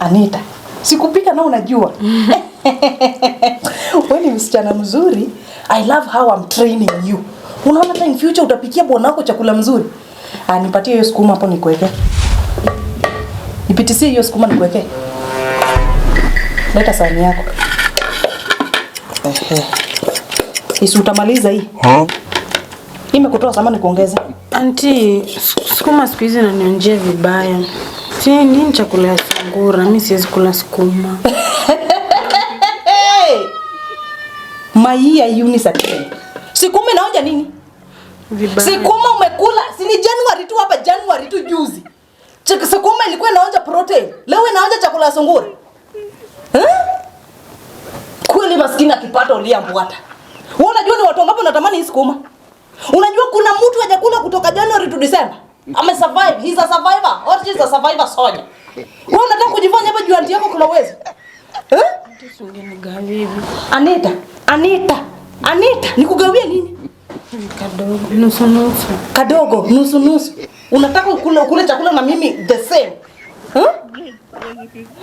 Anita, sikupika na unajua wewe ni msichana mzuri. I love how I'm training you. Unaona in future utapikia bwana wako chakula mzuri. Ah, nipatie hiyo sukuma hapo nikuweke. Nipitisie hiyo sukuma nikuweke. Leta sahani yako. Ehe. Isi utamaliza hii. Huh? Imekutoa samani kuongeza. Auntie, sukuma siku hizi inanionjea vibaya. Nini chakula ya sungura? Mimi siwezi kula sukuma. Maia yuni satini. Sikuma inaoja nini? Vibaya. Sikuma umekula, si ni January tu hapa January tu juzi. sukuma ilikuwa inaonja protein. Leo inaonja chakula ya sungura. Eh? Kweli maskini akipata mbwata. Wewe unajua ni watu ngapi wanatamani hii sukuma? Unajua kuna mtu hajakula kutoka January tu December? Ame survive. He's a survivor. Or she's a survivor Sonya? Wewe unataka kujifanya hapa juu anti yako kuna uwezo? Eh? Anita, Anita, Anita, nikugawie nini? Kadogo, nusu nusu. Kadogo, nusu nusu. Unataka kula kula chakula na mimi the same. Eh?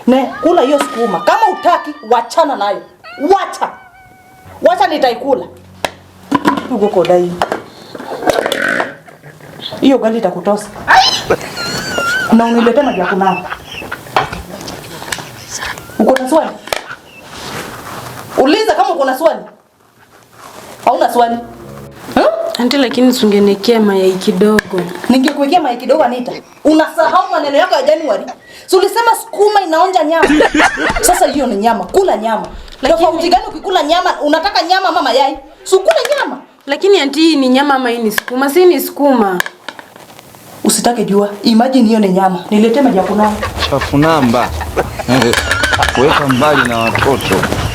Ne, kula hiyo sukuma. Kama utaki, wachana nayo. Wacha. Wacha nitaikula. Ugo kodai hiyo gali itakutosa na uniletea maji ya kunawa. Uko na swali? Uliza kama uko na swali. Hauna swali? Hmm? Anti, lakini sungeniekea mayai kidogo. Ningekuwekea mayai kidogo Anita. Unasahau maneno yako ya Januari. Si ulisema sukuma inaonja nyama. Sasa hiyo ni nyama, kula nyama. Lakini tofauti gani ukikula nyama, unataka nyama ama mayai? Sukula nyama. Lakini anti, hii ni nyama ama hii ni sukuma? Si ni sukuma. Usitake jua. Imagine hiyo ni nyama. Niletee maji ya kunawa. Chafu namba. Weka mbali na watoto.